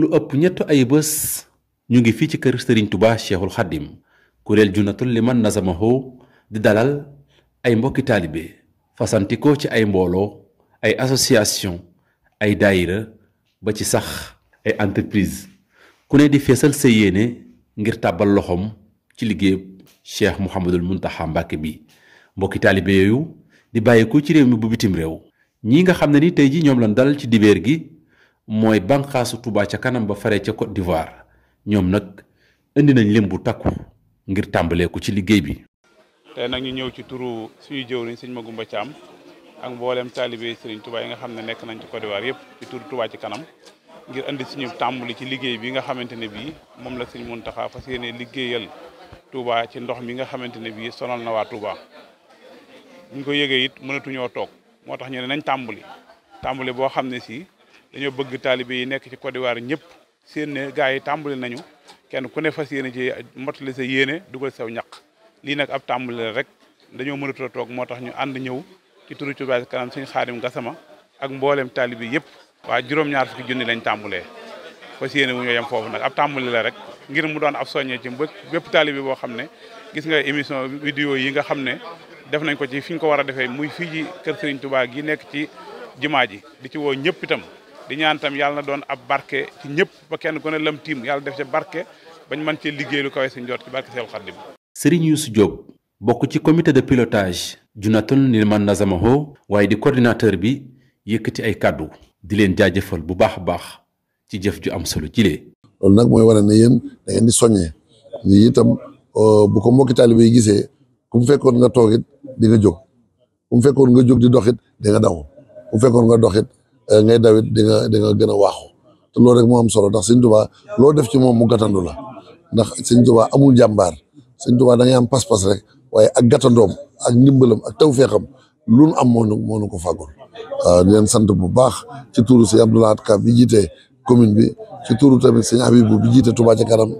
lu ëpp ñett ay bés ñu ngi fii ci kër Serigne Touba Cheikhul Khadim kuréel li junnatul liman nazamahu di dalal ay mbokki taalibe fasantikoo ci ay mbooloo ay association ay daayira ba ci sax ay entreprise ku ne di feesal sa yéene ngir tàbbal loxoom ci liggéeyub Cheikh Mouhamadul Mountakha Mbacké bi mbokki taalibe yooyu di bàyyi ko ci réew mi bu bitim réew ñi nga xam ne ni tey ji ñoom lañ dalal ci dibeer gi mooy banqaasu Touba ca kanam ba fare ca Côte d'Ivoire ñoom nag indi nañ leen bu takku ngir tàmbaleeku ci liggéey bi. tey nag ñu ñëw ci turu suñu jëwriñ sëñ Magoumba Thiam ak mboolem taalibe Serigne Touba yi nga xam ne nekk nañ ci Côte yëpp ci ci kanam ngir indi suñu tàmbali ci liggéey bi nga xamante ne bii moom la sëñ Mountakha fas yéene liggéeyal Touba ci ndox mi nga xamante ne bi sonal na waa Touba. ñu ko yëgee it mënatuñoo toog moo tax ñu ne nañ tàmbali tàmbali boo xam ne si dañoo bëgg taalibe yi nekk ci Côte d'Ivoire ñëpp seen ne gars yi tàmbali nañu kenn ku ne fas yéene ci mottali sa yéene dugal sew ñaq lii nag ab tàmbali la rek dañoo mënatoo toog moo tax ñu ànd ñëw ci turu Touba ca kanam suñu Xaadim Gassama ak mboolem taalibe yëpp. waa juróom-ñaar fukki junni lañ tàmbalee fas yéene wu ñu yem foofu nag ab tàmbali la rek ngir mu doon ab soññee ci bépp taalibe boo xam ne gis nga émission vidéo yi nga xam ne def nañ ko ci fi ñu ko war a defee muy fii ji kër Serigne Touba gi nekk ci jumaa ji di ci woo ñëpp itam di ñaan itam yàlla na doon ab barke ci ñëpp ba kenn ku ne lam tiim yàlla def ca barke bañ mën cee liggéey lu kawe si njoot ci barke Seexul Xaadim Serigne Youssou Diop bokk ci commité de pilotage ni man na Nazamaho waaye di coordinateur bi yëkkati ay kàddu di leen jaajëfal bu baax a baax ci jëf ju am solo jilee loolu nag mooy wane na yéen da ngeen di euh, bu ko mbokki taalibe yi gisee ku mu nga toog di nga jóg bu fekkoon nga jóg di doxit di nga daw bu fekkoon nga doxit eh, nga dawit di nga di nga gën a waaxu te loolu rek moo am solo ndax sëñ Tuubaa loo def ci moom mu gàttandu la ndax sëñ Tuubaa amul jàmbaar sëñ Tuubaa da ngay am pas-pas rek waaye ak gàttandoom ak ndimbalam ak tawfeexam lu nu am moo nu moo nu ko fàggul waaw di sant bu baax ci tuuru si Abdou Lahad Ka bi jiite commune bi ci tuuru tamit sëñ Habibou bi jiite Touba ca kanam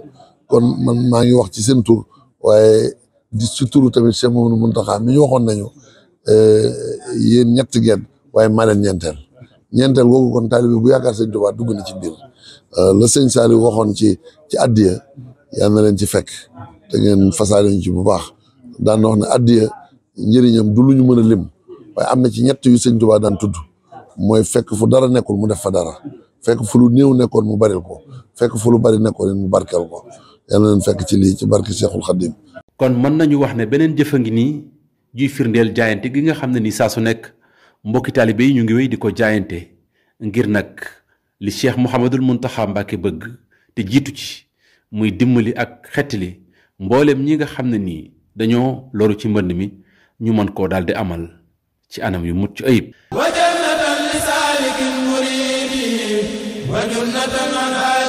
kon man maa ngi wax ci seen tur waaye di suturu tamit Cheikh Mamadou Mountakha mi ñu waxoon nañu eh, yéen ñett ngeen waaye maa leen ñeenteel ñeenteel googu kon taalibe bu yaakaar sëñ Tuubaa dugg na ci biir eh, la sëñ saali waxoon ci ci addiya yal na leen ci fekk te ngeen fasaale ñu ci bu baax daan na ne addiya njëriñam du lu ñu mën a lim waaye am na ci ñett yu sëñ Tuubaa daan tudd mooy fekk fu dara nekkul mu def fa dara fekk fu lu néew nekkoon mu baril ko fekk fu lu bari nekkoon mu barkeel ko yal na leen fekk ci lii ci barke Cheikhul Khadim kon mën nañu wax ne beneen jëf a ngi nii juy firndeel jaayante gi nga xam ne ni saa su nekk mbokki taalibe yi ñu ngi wéy di ko jaayante ngir nag li cheikh Mouhamadul Mountakha Mbacké bëgg te jiitu ci muy dimbali ak xettali mbooleem ñi nga xam ne nii dañoo loru ci mbënn mi ñu mën koo daal di amal ci anam yu mucc ayib wa jannatan li saalikin muridi wa jannatan